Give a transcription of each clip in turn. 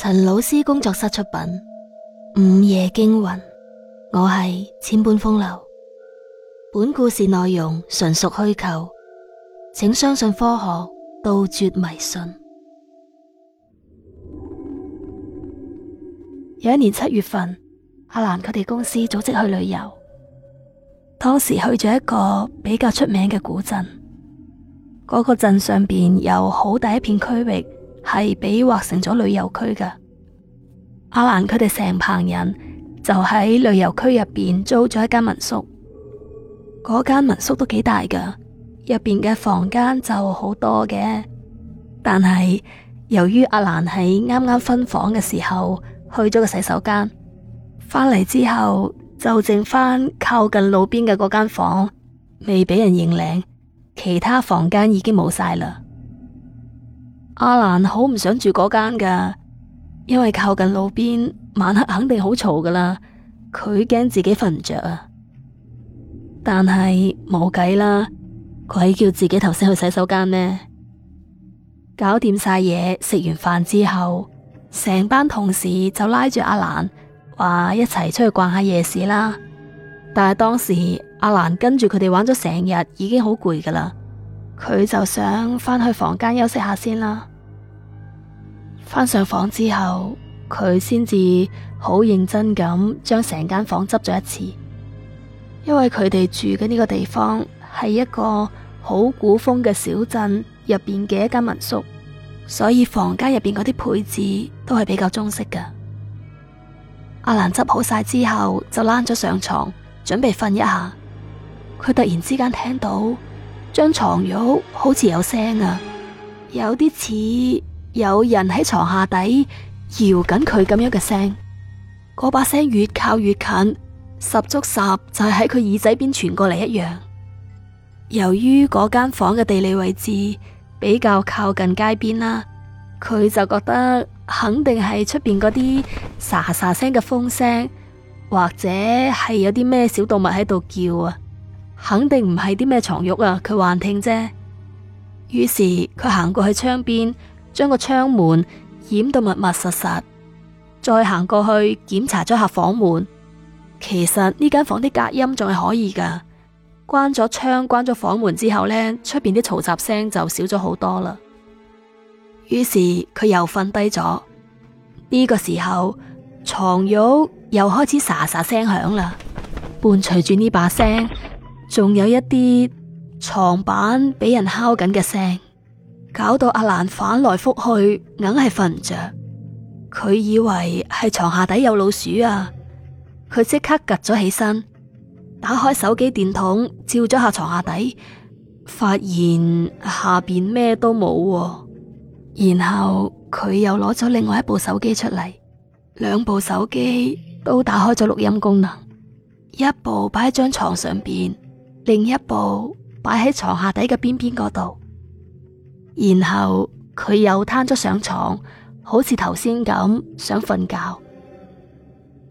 陳老師工作室出品《午夜驚魂》，我係千般風流。本故事內容純屬虛構，請相信科學，杜絕迷信。有一年七月份，阿蘭佢哋公司組織去旅遊，當時去咗一個比較出名嘅古鎮。嗰個鎮上邊有好大一片區域。係俾劃成咗旅遊區嘅，阿蘭佢哋成棚人就喺旅遊區入邊租咗一間民宿。嗰間民宿都幾大噶，入邊嘅房間就好多嘅。但係由於阿蘭喺啱啱分房嘅時候去咗個洗手間，返嚟之後就剩翻靠近路邊嘅嗰間房未俾人認領，其他房間已經冇晒啦。阿蘭好唔想住嗰間噶，因為靠近路邊，晚黑肯定好嘈噶啦。佢驚自己瞓唔着啊，但係冇計啦，鬼叫自己頭先去洗手間咩？搞掂晒嘢，食完飯之後，成班同事就拉住阿蘭話一齊出去逛下夜市啦。但係當時阿蘭跟住佢哋玩咗成日，已經好攰噶啦。佢就想返去房間休息下先啦。返上房之後，佢先至好認真咁將成間房執咗一次。因為佢哋住嘅呢個地方係一個好古風嘅小鎮入邊嘅一間民宿，所以房間入邊嗰啲配置都係比較中式噶。阿蘭執好晒之後，就攬咗上床準備瞓一下。佢突然之間聽到。張床褥好似有聲啊，有啲似有人喺床下底搖緊佢咁樣嘅聲，嗰把聲越靠越近，十足十就係喺佢耳仔邊傳過嚟一樣。由於嗰間房嘅地理位置比較靠近街邊啦、啊，佢就覺得肯定係出邊嗰啲沙沙聲嘅風聲，或者係有啲咩小動物喺度叫啊。肯定唔係啲咩床褥啊！佢幻聽啫。於是佢行過去窗邊，將個窗門掩到密密實實，再行過去檢查咗下房門。其實呢間房啲隔音仲係可以噶。關咗窗，關咗房門之後呢，出邊啲嘈雜聲就少咗好多啦。於是佢又瞓低咗。呢個時候，床褥又開始沙沙聲響啦，伴隨住呢把聲。仲有一啲床板俾人敲緊嘅聲，搞到阿蘭反來覆去，硬係瞓唔着。佢以為係床下底有老鼠啊！佢即刻趷咗起身，打開手機電筒照咗下床下底，發現下邊咩都冇啊。然後佢又攞咗另外一部手機出嚟，兩部手機都打開咗錄音功能，一部擺喺張床上邊。另一部擺喺床下底嘅邊邊嗰度，然後佢又攤咗上床，好似頭先咁想瞓覺。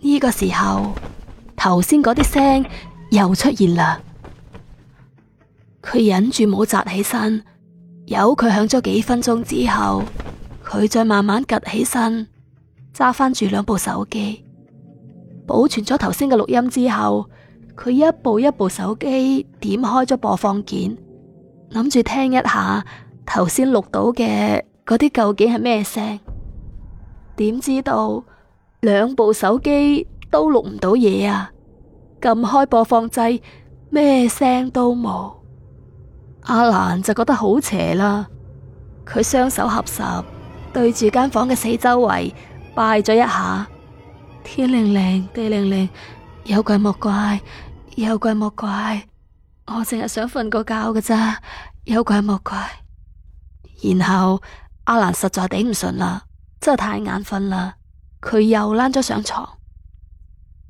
呢個時候，頭先嗰啲聲又出現啦。佢忍住冇扎起身，由佢響咗幾分鐘之後，佢再慢慢趌起身，揸翻住兩部手機，保存咗頭先嘅錄音之後。佢一部一部手機點開咗播放鍵，諗住聽一下頭先錄到嘅嗰啲究竟係咩聲？點知道兩部手機都錄唔到嘢啊！撳開播放掣，咩聲都冇。阿蘭就覺得好邪啦，佢雙手合十，對住間房嘅四周圍拜咗一下。天靈靈，地靈靈，有鬼莫怪。有怪莫怪，我淨係想瞓個覺嘅咋，有怪莫怪。然後阿蘭實在頂唔順啦，真係太眼瞓啦。佢又躝咗上床。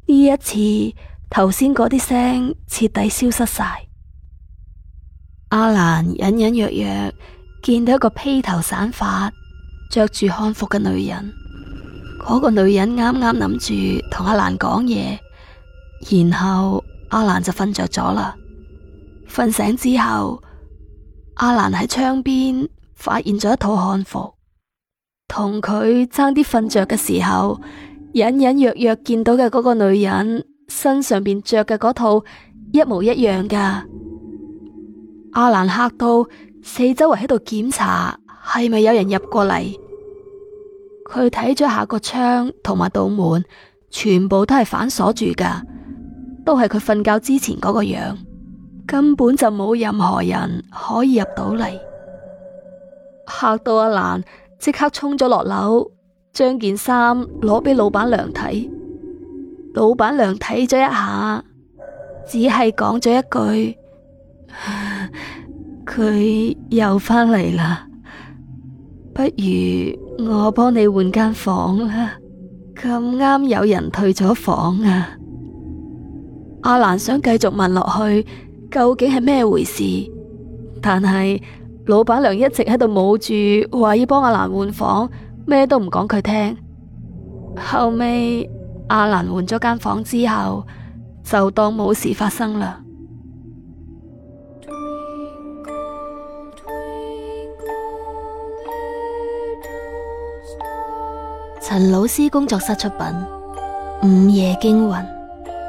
呢一次頭先嗰啲聲徹底消失晒。阿蘭隱隱約約見到一個披頭散髮、着住漢服嘅女人。嗰個女人啱啱諗住同阿蘭講嘢，然後。阿蘭就瞓着咗啦。瞓醒之後，阿蘭喺窗邊發現咗一套漢服，同佢爭啲瞓着嘅時候隱隱約約見到嘅嗰個女人身上邊着嘅嗰套一模一樣噶。阿蘭嚇到，四周圍喺度檢查，係咪有人入過嚟？佢睇咗下個窗同埋道門，全部都係反鎖住噶。都係佢瞓覺之前嗰個樣，根本就冇任何人可以入到嚟。吓到阿蘭即刻衝咗落樓，將件衫攞俾老闆娘睇。老闆娘睇咗一下，只係講咗一句：佢又返嚟啦，不如我幫你換間房啦。咁啱有人退咗房啊！阿蘭想繼續問落去究竟係咩回事，但係老闆娘一直喺度冇住，話要幫阿蘭換房，咩都唔講佢聽。後尾阿蘭換咗間房之後，就當冇事發生啦。陳老師工作室出品《午夜驚魂》。